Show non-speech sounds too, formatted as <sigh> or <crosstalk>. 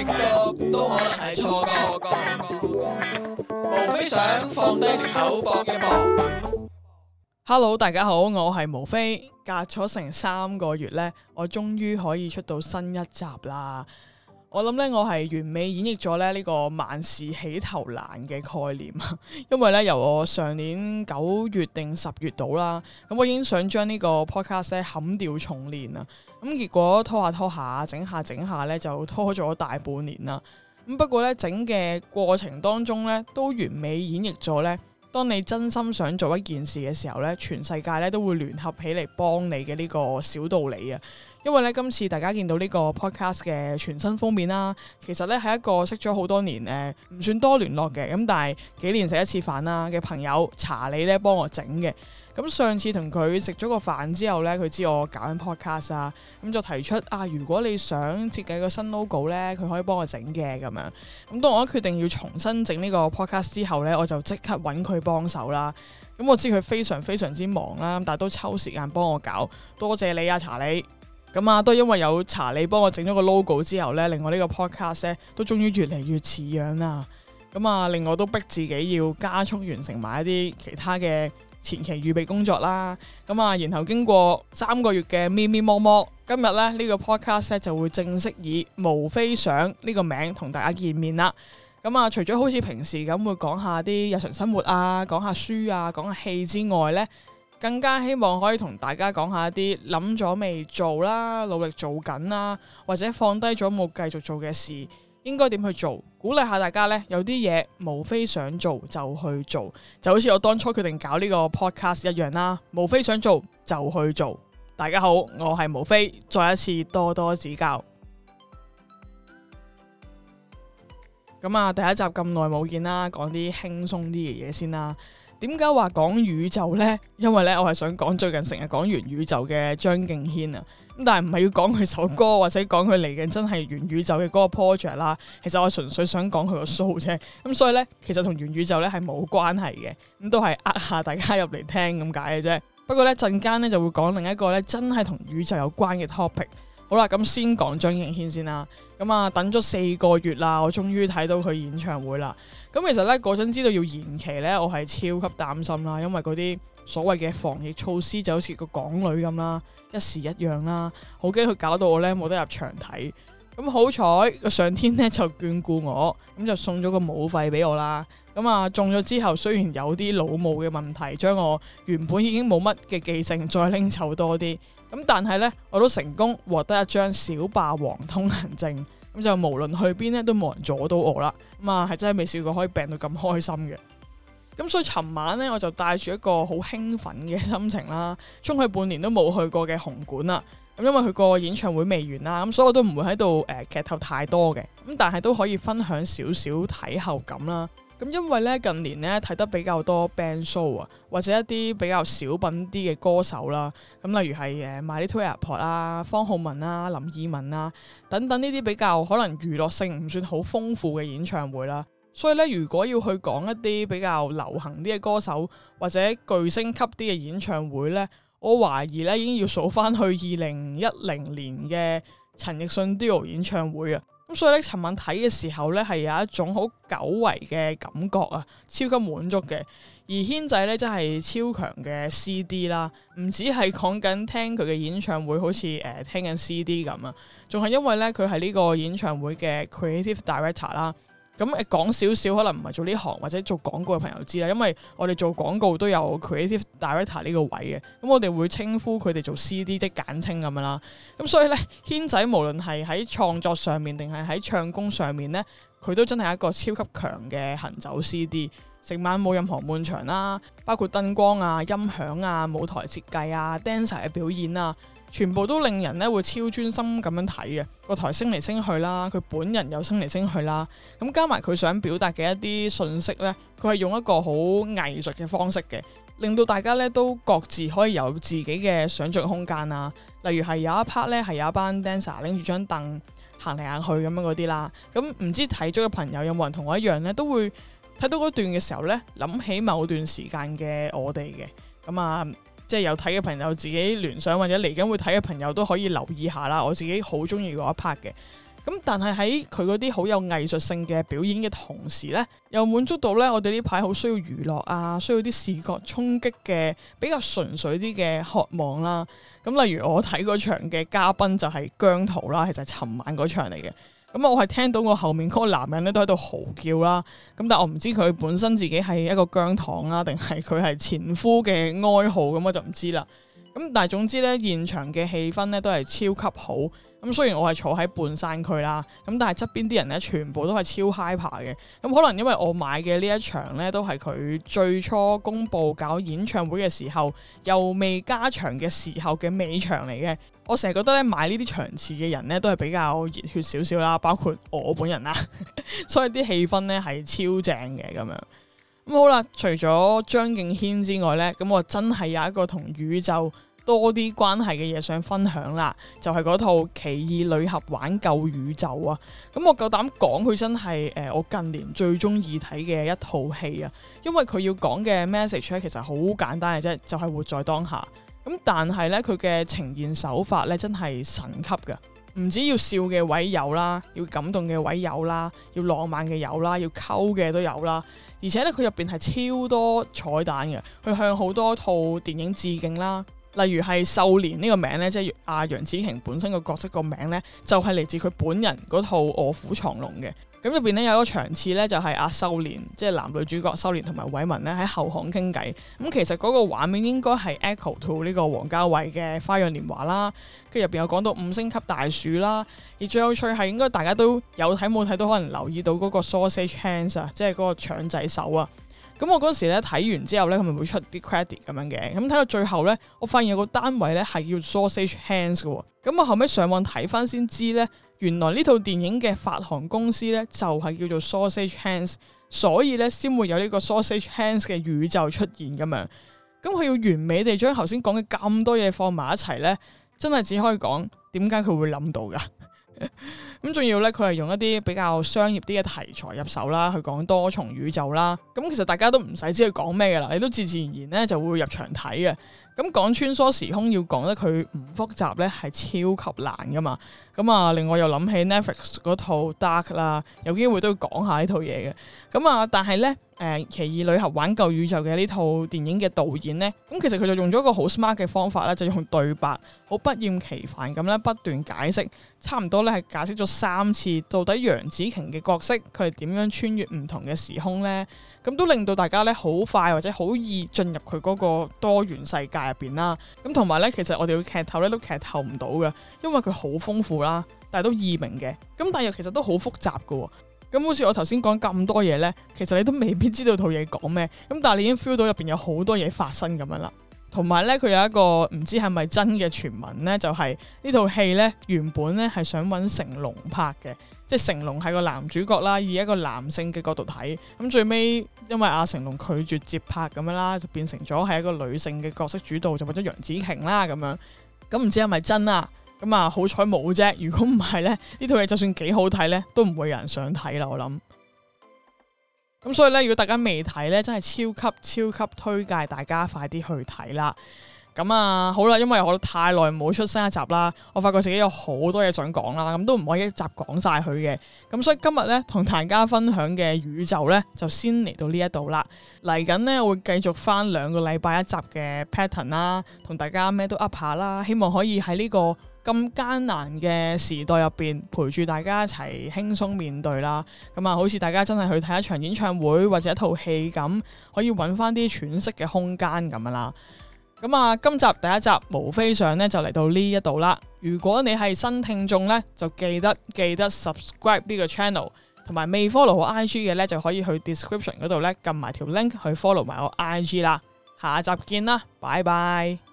都可能係錯覺，無非想放低借口搏一搏。Hello，大家好，我係毛飛，隔咗成三個月呢，我終於可以出到新一集啦。我諗呢，我係完美演繹咗呢呢個萬事起頭難嘅概念啊。因為呢，由我上年九月定十月到啦，咁我已經想將呢個 podcast 冚掉重練啦。咁結果拖下拖下，整下整下咧，就拖咗大半年啦。咁不過咧，整嘅過程當中咧，都完美演繹咗咧，當你真心想做一件事嘅時候咧，全世界咧都會聯合起嚟幫你嘅呢個小道理啊！因為咧，今次大家見到呢個 podcast 嘅全新封面啦，啊，其實咧係一個識咗好多年誒，唔、呃、算多聯絡嘅，咁但係幾年食一次飯啦嘅朋友，查理咧幫我整嘅。咁上次同佢食咗個飯之後咧，佢知我搞緊 podcast 啊，咁就提出啊，如果你想設計個新 logo 咧，佢可以幫我整嘅咁樣。咁、啊、當我決定要重新整呢個 podcast 之後咧，我就即刻揾佢幫手啦。咁我知佢非常非常之忙啦，但係都抽時間幫我搞，多謝你啊，查理。咁啊，都因為有查理幫我整咗個 logo 之後呢，令我呢個 podcast 都終於越嚟越似樣啦。咁啊，令我都逼自己要加速完成埋一啲其他嘅前期預備工作啦。咁啊，然後經過三個月嘅咪咪摸摸，今日呢，呢個 podcast 就會正式以無非想呢個名同大家見面啦。咁啊，除咗好似平時咁會講下啲日常生活啊，講下書啊，講下戲之外呢，更加希望可以同大家講下一啲諗咗未做啦，努力做緊啦，或者放低咗冇繼續做嘅事，應該點去做？鼓勵下大家呢，有啲嘢無非想做就去做，就好似我當初決定搞呢個 podcast 一樣啦。無非想做就去做。大家好，我係無非，再一次多多指教。咁啊，第一集咁耐冇見啦，講啲輕鬆啲嘅嘢先啦。點解話講宇宙呢？因為咧，我係想講最近成日講元宇宙嘅張敬軒啊。咁但係唔係要講佢首歌，或者講佢嚟緊真係元宇宙嘅嗰個 project 啦。其實我純粹想講佢個數啫。咁所以呢，其實同元宇宙呢係冇關係嘅。咁都係呃下大家入嚟聽咁解嘅啫。不過呢，陣間呢就會講另一個呢真係同宇宙有關嘅 topic。好啦，咁先講張敬軒先啦。咁啊，等咗四個月啦，我終於睇到佢演唱會啦！咁其實呢，嗰陣知道要延期呢，我係超級擔心啦，因為嗰啲所謂嘅防疫措施就好似個港女咁啦，一時一樣啦，好驚佢搞到我呢冇得入場睇。咁好彩個上天呢就眷顧我，咁就送咗個武肺俾我啦。咁、嗯、啊中咗之後，雖然有啲腦霧嘅問題，將我原本已經冇乜嘅記性再拎走多啲。咁但係呢，我都成功獲得一張小霸王通行證，咁就無論去邊呢都冇人阻到我啦。咁啊，係真係未試過可以病到咁開心嘅。咁所以尋晚呢，我就帶住一個好興奮嘅心情啦，衝去半年都冇去過嘅紅館啦。咁因為佢個演唱會未完啦，咁所以我都唔會喺度誒劇透太多嘅。咁但係都可以分享少少睇後感啦。咁因為咧，近年咧睇得比較多 band show 啊，或者一啲比較小品啲嘅歌手啦，咁例如係誒 My Little Airport 啦、方浩文啊、林二汶啊等等呢啲比較可能娛樂性唔算好豐富嘅演唱會啦。所以咧，如果要去講一啲比較流行啲嘅歌手或者巨星級啲嘅演唱會咧，我懷疑咧已經要數翻去二零一零年嘅陳奕迅 Duo 演唱會啊。咁所以咧，陳晚睇嘅時候咧，係有一種好久違嘅感覺啊，超級滿足嘅。而軒仔咧，真係超強嘅 CD 啦，唔止係講緊聽佢嘅演唱會，好似誒、呃、聽緊 CD 咁啊，仲係因為咧佢係呢個演唱會嘅 creative director 啦。咁誒講少少，可能唔係做呢行或者做廣告嘅朋友知啦，因為我哋做廣告都有 creative director 呢個位嘅，咁我哋會稱呼佢哋做 CD，即係簡稱咁樣啦。咁所以呢，軒仔無論係喺創作上面定係喺唱功上面呢，佢都真係一個超級強嘅行走 CD，成晚冇任何悶場啦，包括燈光啊、音響啊、舞台設計啊、 <music> dancer 嘅表演啊。全部都令人咧會超專心咁樣睇嘅，個台升嚟升去啦，佢本人又升嚟升去啦，咁加埋佢想表達嘅一啲信息呢，佢係用一個好藝術嘅方式嘅，令到大家呢都各自可以有自己嘅想像空間啊。例如係有一 part 呢，係有一班 dancer 拎住張凳行嚟行去咁樣嗰啲啦，咁唔知睇咗嘅朋友有冇人同我一樣呢？都會睇到嗰段嘅時候呢，諗起某段時間嘅我哋嘅，咁啊。即係有睇嘅朋友自己聯想，或者嚟緊會睇嘅朋友都可以留意下啦。我自己好中意嗰一 part 嘅，咁但係喺佢嗰啲好有藝術性嘅表演嘅同時呢，又滿足到呢。我哋呢排好需要娛樂啊，需要啲視覺衝擊嘅比較純粹啲嘅渴望啦。咁例如我睇嗰場嘅嘉賓就係姜濤啦，其實係尋晚嗰場嚟嘅。咁我係聽到我後面嗰個男人咧都喺度嚎叫啦，咁但係我唔知佢本身自己係一個姜糖啦，定係佢係前夫嘅哀嚎，咁我就唔知啦。咁但係總之咧，現場嘅氣氛咧都係超級好。咁雖然我係坐喺半山區啦，咁但係側邊啲人咧全部都係超 hyper 嘅，咁可能因為我買嘅呢一場咧都係佢最初公布搞演唱會嘅時候，又未加場嘅時候嘅尾場嚟嘅，我成日覺得咧買呢啲場次嘅人咧都係比較熱血少少啦，包括我本人啦， <laughs> 所以啲氣氛咧係超正嘅咁樣。咁、嗯、好啦，除咗張敬軒之外咧，咁我真係有一個同宇宙多啲關係嘅嘢想分享啦，就係、是、嗰套《奇異女俠玩救宇宙》啊。咁我夠膽講，佢真係誒我近年最中意睇嘅一套戲啊。因為佢要講嘅 message 咧，其實好簡單嘅啫，就係、是、活在當下。咁但係咧，佢嘅呈現手法咧，真係神級噶。唔止要笑嘅位有啦，要感動嘅位有啦，要浪漫嘅有啦，要溝嘅都有啦。而且咧，佢入邊係超多彩蛋嘅，佢向好多套電影致敬啦。例如係秀蓮呢個名呢，即係阿楊紫瓊本身個角色個名呢，就係、是、嚟自佢本人嗰套《卧虎藏龍》嘅。咁入邊呢，有一個場次呢，就係阿、啊、秀蓮，即係男女主角秀蓮同埋韋文呢，喺後巷傾偈。咁其實嗰個畫面應該係 echo To 呢個王家衞嘅《花樣年華》啦。跟住入邊有講到五星級大廚啦，而最有趣係應該大家都有睇冇睇到，可能留意到嗰個 sausage hands 啊，即係嗰個腸仔手啊。咁我嗰陣時咧睇完之後咧，佢咪會出啲 credit 咁樣嘅。咁睇到最後咧，我發現有個單位咧係叫 Sausage Hands 嘅。咁我後尾上網睇翻先知咧，原來呢套電影嘅發行公司咧就係叫做 Sausage Hands，所以咧先會有呢個 Sausage Hands 嘅宇宙出現咁樣。咁佢要完美地將頭先講嘅咁多嘢放埋一齊咧，真係只可以講，點解佢會諗到噶？咁仲要呢，佢係 <laughs> 用一啲比較商業啲嘅題材入手啦，去講多重宇宙啦。咁其實大家都唔使知佢講咩嘅啦，你都自自然然呢就會入場睇嘅。咁講穿梭時空要講得佢唔複雜呢，係超級難噶嘛。咁啊，另外又諗起 Netflix 嗰套 Dark 啦，有機會都要講下呢套嘢嘅。咁啊，但係呢，誒、呃《奇異女俠玩救宇宙》嘅呢套電影嘅導演呢，咁其實佢就用咗一個好 smart 嘅方法啦，就用對白，好不厭其煩咁咧不斷解釋，差唔多咧係解釋咗三次，到底楊紫瓊嘅角色佢係點樣穿越唔同嘅時空呢？咁都令到大家咧好快或者好易進入佢嗰個多元世界入邊啦。咁同埋咧，其實我哋會劇透咧都劇透唔到嘅，因為佢好豐富啦，但係都易明嘅。咁但係又其實都好複雜㗎喎。咁好似我頭先講咁多嘢咧，其實你都未必知道套嘢講咩。咁但係你已經 feel 到入邊有好多嘢發生咁樣啦。同埋咧，佢有一個唔知係咪真嘅傳聞呢？就係呢套戲呢，原本呢係想揾成龍拍嘅，即係成龍係個男主角啦，以一個男性嘅角度睇，咁最尾因為阿成龍拒絕接拍咁樣啦，就變成咗係一個女性嘅角色主導，就揾咗楊紫瓊啦咁樣，咁唔知係咪真啊？咁啊好彩冇啫，如果唔係呢，呢套戲就算幾好睇呢，都唔會有人想睇啦，我諗。咁所以咧，如果大家未睇咧，真係超級超級推介，大家快啲去睇啦！咁啊，好啦，因為我都太耐冇出新一集啦，我發覺自己有好多嘢想講啦，咁都唔可以一集講晒佢嘅。咁所以今日咧，同大家分享嘅宇宙咧，就先嚟到呢一度啦。嚟緊呢，我會繼續翻兩個禮拜一集嘅 pattern 啦，同大家咩都 up 下啦，希望可以喺呢個。咁艱難嘅時代入邊，陪住大家一齊輕鬆面對啦。咁、嗯、啊，好似大家真係去睇一場演唱會或者一套戲咁，可以揾翻啲喘息嘅空間咁啦。咁、嗯、啊，今集第一集無非想呢，就嚟到呢一度啦。如果你係新聽眾呢，就記得記得 subscribe 呢個 channel，同埋未 follow 我 IG 嘅呢，就可以去 description 嗰度呢，撳埋條 link 去 follow 埋我 IG 啦。下集見啦，拜拜。